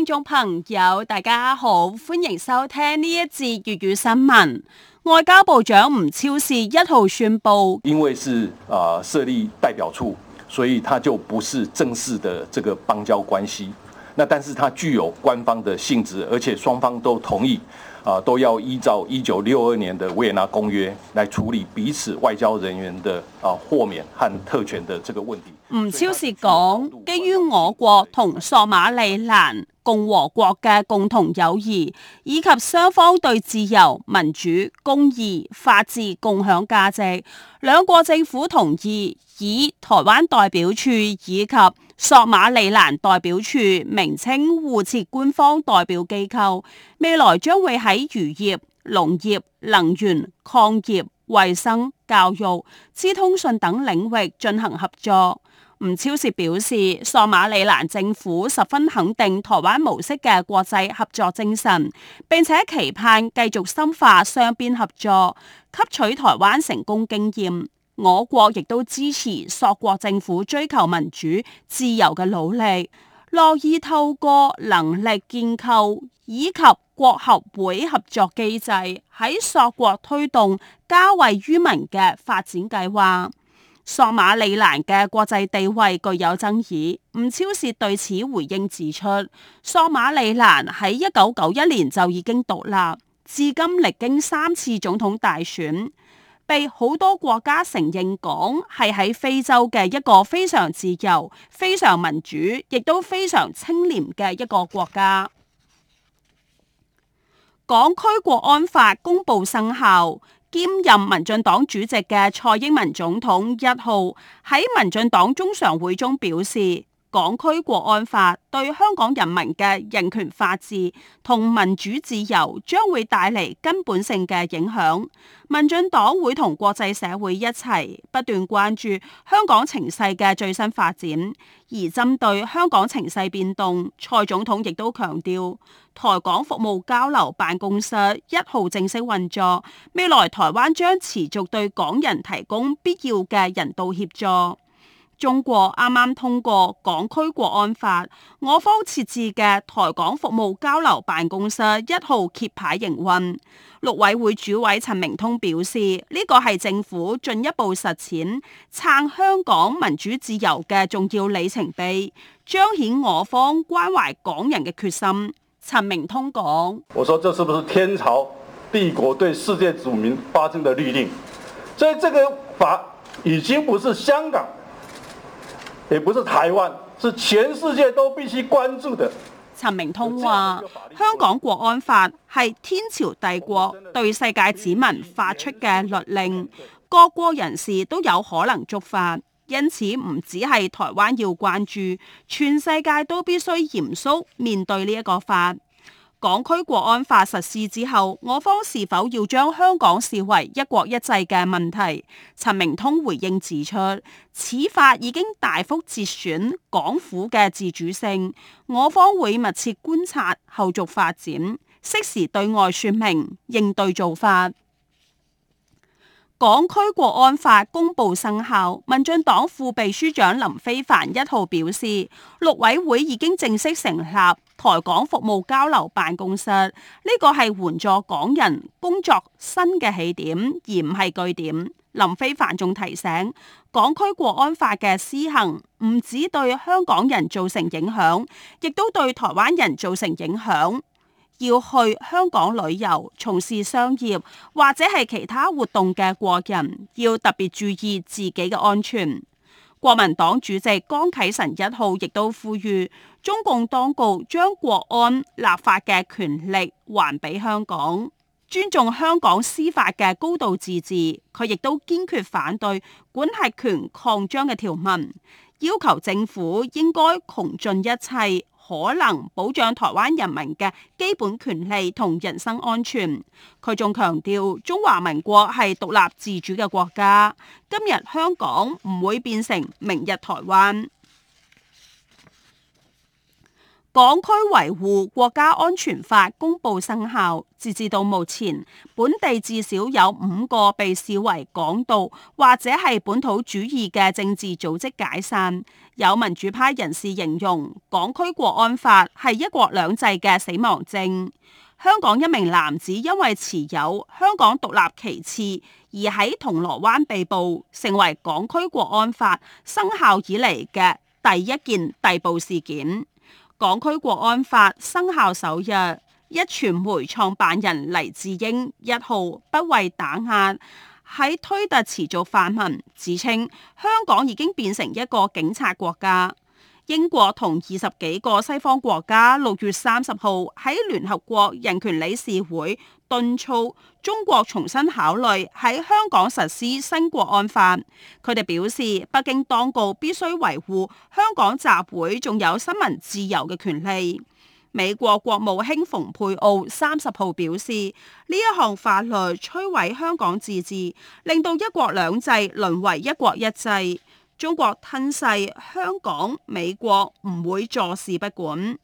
聽眾朋友，大家好，歡迎收聽呢一節粵語新聞。外交部長吳釗燮一號宣布，因為是啊設立代表處，所以他就不是正式的這個邦交關係。那但是他具有官方的性質，而且雙方都同意啊都要依照一九六二年的維也納公約來處理彼此外交人員的啊豁免和特權的這個問題。吳釗燮講，基於我國同索馬利蘭。共和國嘅共同友誼，以及雙方對自由、民主、公義、法治共享價值，兩國政府同意以台灣代表處以及索馬利蘭代表處名稱互設官方代表機構，未來將會喺漁業、農業、能源、礦業、衛生、教育、資通訊等領域進行合作。吳釗燮表示，索馬利蘭政府十分肯定台灣模式嘅國際合作精神，並且期盼繼續深化雙邊合作，吸取台灣成功經驗。我國亦都支持索國政府追求民主自由嘅努力，樂意透過能力建構以及國合會合作機制喺索國推動加惠於民嘅發展計劃。索馬里蘭嘅國際地位具有爭議。吳釗燮對此回應指出，索馬里蘭喺一九九一年就已經獨立，至今歷經三次總統大選，被好多國家承認，港係喺非洲嘅一個非常自由、非常民主，亦都非常清廉嘅一個國家。港區國安法公布生效。兼任民進黨主席嘅蔡英文總統一號喺民進黨中常會中表示，港區國安法對香港人民嘅人權、法治同民主自由將會帶嚟根本性嘅影響。民進黨會同國際社會一齊不斷關注香港情勢嘅最新發展，而針對香港情勢變動，蔡總統亦都強調，台港服務交流辦公室一號正式運作，未來台灣將持續對港人提供必要嘅人道協助。中國啱啱通過港區國安法，我方設置嘅台港服務交流辦公室一號揭牌營運。陸委會主委陳明通表示，呢個係政府進一步實踐撐香港民主自由嘅重要里程碑，彰顯我方關懷港人嘅決心。陳明通講：我說這是不是天朝帝國對世界子民發生的律令？所以呢個法已經不是香港。也不是台灣，是全世界都必須關注的。陳明通話：香港國安法係天朝帝國對世界子民發出嘅律令，各國人士都有可能觸犯，因此唔止係台灣要關注，全世界都必須嚴肅面對呢一個法。港區國安法實施之後，我方是否要將香港視為一國一制嘅問題？陳明通回應指出，此法已經大幅截損港府嘅自主性，我方會密切觀察後續發展，適時對外說明應對做法。港區國安法公布生效，民進黨副秘書長林飛帆一號表示，陸委會已經正式成立台港服務交流辦公室，呢、這個係援助港人工作新嘅起點，而唔係據點。林飛帆仲提醒，港區國安法嘅施行唔止對香港人造成影響，亦都對台灣人造成影響。要去香港旅遊，從事商業或者係其他活動嘅國人，要特別注意自己嘅安全。國民黨主席江啟臣一號亦都呼籲中共當局將國安立法嘅權力還俾香港，尊重香港司法嘅高度自治。佢亦都堅決反對管轄權擴張嘅條文，要求政府應該窮盡一切。可能保障台灣人民嘅基本權利同人身安全。佢仲強調，中華民國係獨立自主嘅國家。今日香港唔會變成明日台灣。港區維護國家安全法公布生效，截至到目前，本地至少有五個被視為港獨或者係本土主義嘅政治組織解散。有民主派人士形容港區國安法係一國兩制嘅死亡證。香港一名男子因為持有香港獨立旗幟而喺銅鑼灣被捕，成為港區國安法生效以嚟嘅第一件逮捕事件。港區國安法生效首日，一傳媒創辦人黎智英一號不畏打壓喺推特持續發文，指稱香港已經變成一個警察國家。英國同二十幾個西方國家六月三十號喺聯合國人權理事會敦促中國重新考慮喺香港實施新國安法。佢哋表示，北京當局必須維護香港集會仲有新聞自由嘅權利。美國國務卿蓬佩奧三十號表示，呢一項法律摧毀香港自治，令到一國兩制淪為一國一制。中國吞噬香港，美國唔會坐視不管。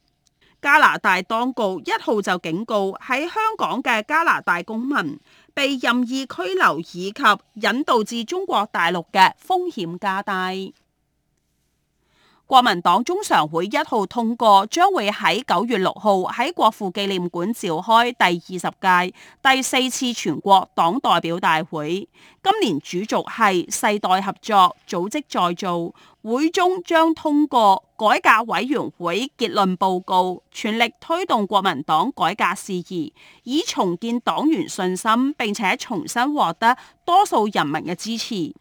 加拿大當局一號就警告喺香港嘅加拿大公民，被任意拘留以及引導至中國大陸嘅風險加大。國民黨中常會一號通過，將會喺九月六號喺國父紀念館召開第二十屆第四次全國黨代表大會。今年主軸係世代合作、組織再造，會中將通過改革委員會結論報告，全力推動國民黨改革事宜，以重建黨員信心，並且重新獲得多數人民嘅支持。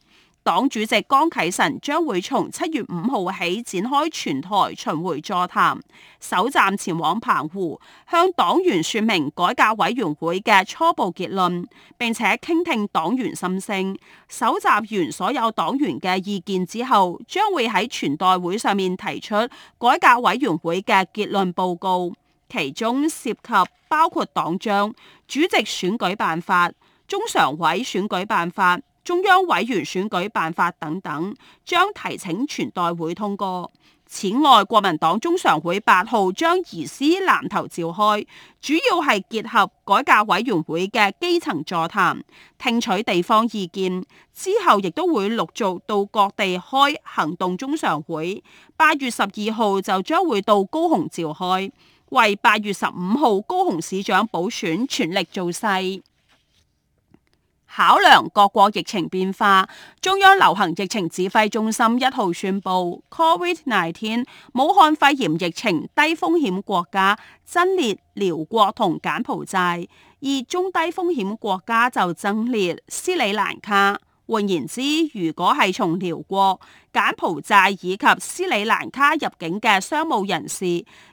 黨主席江啟臣將會從七月五號起展開全台巡迴座談，首站前往澎湖，向黨員說明改革委員會嘅初步結論，並且傾聽黨員心聲。蒐集完所有黨員嘅意見之後，將會喺全代會上面提出改革委員會嘅結論報告，其中涉及包括黨章、主席選舉辦法、中常委選舉辦法、中央委員選舉辦法等等，將提請全代會通過。此外，國民黨中常會八號將移師南投召開，主要係結合改革委員會嘅基層座談，聽取地方意見。之後亦都會陸續到各地開行動中常會。八月十二號就將會到高雄召開，為八月十五號高雄市長補選全力造勢。考量各國疫情變化，中央流行疫情指揮中心一號宣布，COVID-19 武漢肺炎疫情低風險國家增列寮國同柬埔寨，而中低風險國家就增列斯里蘭卡。換言之，如果係從寮國、柬埔寨以及斯里蘭卡入境嘅商務人士，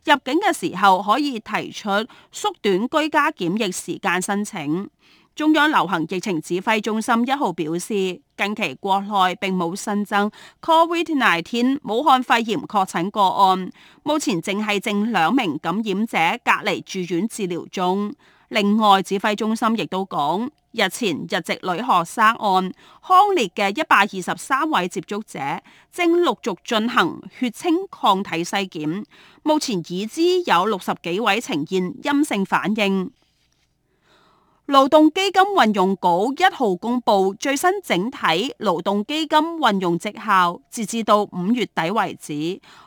入境嘅時候可以提出縮短居家檢疫時間申請。中央流行疫情指揮中心一號表示，近期國內並冇新增 COVID-19 武漢肺炎確診個案，目前淨係剩兩名感染者隔離住院治療中。另外，指揮中心亦都講，日前日籍女學生案匡列嘅一百二十三位接觸者正陸續進行血清抗體篩檢，目前已知有六十幾位呈現陰性反應。勞動基金運用局一號公布最新整體勞動基金運用績效，截至到五月底為止，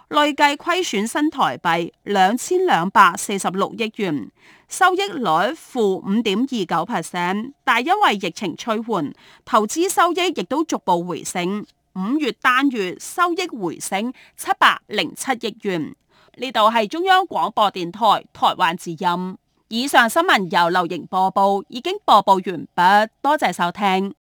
累計虧損新台幣兩千兩百四十六億元，收益率負五點二九 percent。但因為疫情趨緩，投資收益亦都逐步回升，五月單月收益回升七百零七億元。呢度係中央廣播電台台灣之音。以上新聞由劉瑩播報，已經播報完畢，多謝收聽。